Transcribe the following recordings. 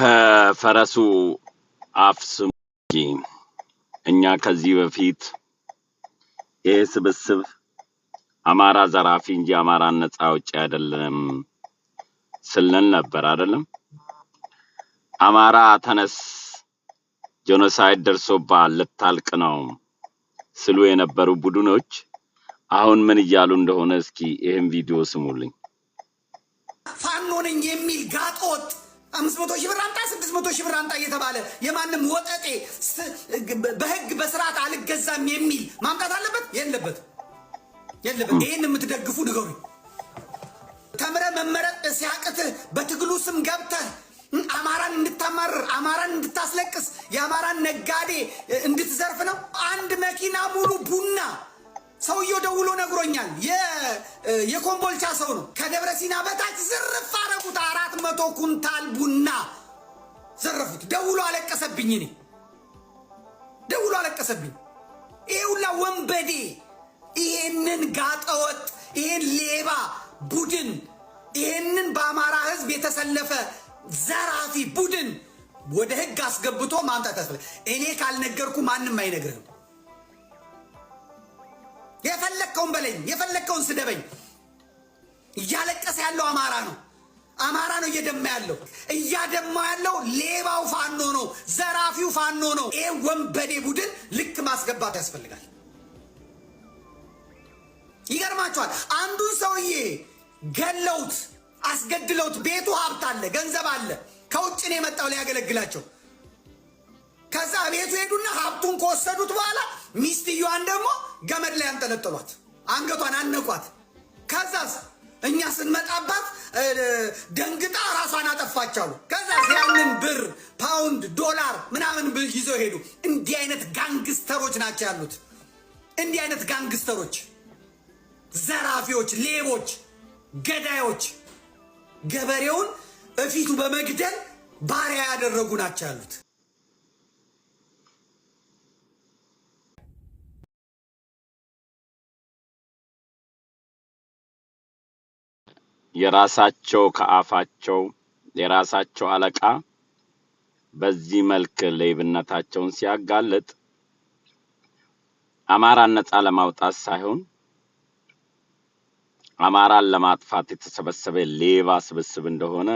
ከፈረሱ አፍ ስሙ እኛ ከዚህ በፊት ይህ ስብስብ አማራ ዘራፊ እንጂ አማራ ነፃ አውጪ አይደለም ስልን ነበር አይደለም። አማራ ተነስ፣ ጄኖሳይድ ደርሶባል፣ ልታልቅ ነው ስሉ የነበሩ ቡድኖች አሁን ምን እያሉ እንደሆነ እስኪ ይህን ቪዲዮ ስሙልኝ። ፋኖ ነኝ የሚል አምስት መቶ ሺህ ብር አምጣ፣ ስድስት መቶ ሺህ ብር አምጣ እየተባለ የማንም ወጠጤ በህግ በስርዓት አልገዛም የሚል ማምጣት አለበት የለበት የለበት። ይህን የምትደግፉ ንገሩ። ተምረ መመረጥ ሲያቅት በትግሉ ስም ገብተህ አማራን እንድታማርር አማራን እንድታስለቅስ የአማራን ነጋዴ እንድትዘርፍ ነው። አንድ መኪና ሙሉ ቡና ሰውየው ደውሎ ነግሮኛል። የኮምቦልቻ ሰው ነው። ከደብረ ሲና በታች ዝርፍ አረ መቶ ኩንታል ቡና ዘረፉት። ደውሎ አለቀሰብኝ። እኔ ደውሎ አለቀሰብኝ። ይሄ ሁላ ወንበዴ፣ ይሄንን ጋጠወጥ፣ ይሄን ሌባ ቡድን፣ ይሄንን በአማራ ሕዝብ የተሰለፈ ዘራፊ ቡድን ወደ ህግ አስገብቶ ማምጣት ያስፈል። እኔ ካልነገርኩ ማንም አይነግርህም። የፈለግከውን በለኝ፣ የፈለግከውን ስደበኝ። እያለቀሰ ያለው አማራ ነው። አማራ ነው እየደማ ያለው። እያደማ ያለው ሌባው ፋኖ ነው፣ ዘራፊው ፋኖ ነው። ይህ ወንበዴ ቡድን ልክ ማስገባት ያስፈልጋል። ይገርማቸዋል። አንዱን ሰውዬ ገለውት አስገድለውት፣ ቤቱ ሀብት አለ፣ ገንዘብ አለ። ከውጭ ነው የመጣው ሊያገለግላቸው። ከዛ ቤቱ ሄዱና ሀብቱን ከወሰዱት በኋላ ሚስትየዋን ደግሞ ገመድ ላይ አንጠለጠሏት፣ አንገቷን አነቋት። ከዛ እኛ ስንመጣባት ደንግጣ ራሷን አጠፋቸው ከዛ ያንን ብር ፓውንድ፣ ዶላር ምናምን ይዘው ሄዱ። እንዲህ አይነት ጋንግስተሮች ናቸው ያሉት። እንዲህ አይነት ጋንግስተሮች፣ ዘራፊዎች፣ ሌቦች፣ ገዳዮች ገበሬውን በፊቱ በመግደል ባሪያ ያደረጉ ናቸው ያሉት። የራሳቸው ከአፋቸው የራሳቸው አለቃ በዚህ መልክ ሌብነታቸውን ሲያጋልጥ አማራን ነፃ ለማውጣት ሳይሆን አማራን ለማጥፋት የተሰበሰበ ሌባ ስብስብ እንደሆነ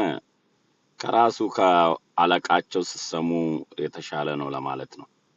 ከራሱ ከአለቃቸው ስሰሙ የተሻለ ነው ለማለት ነው።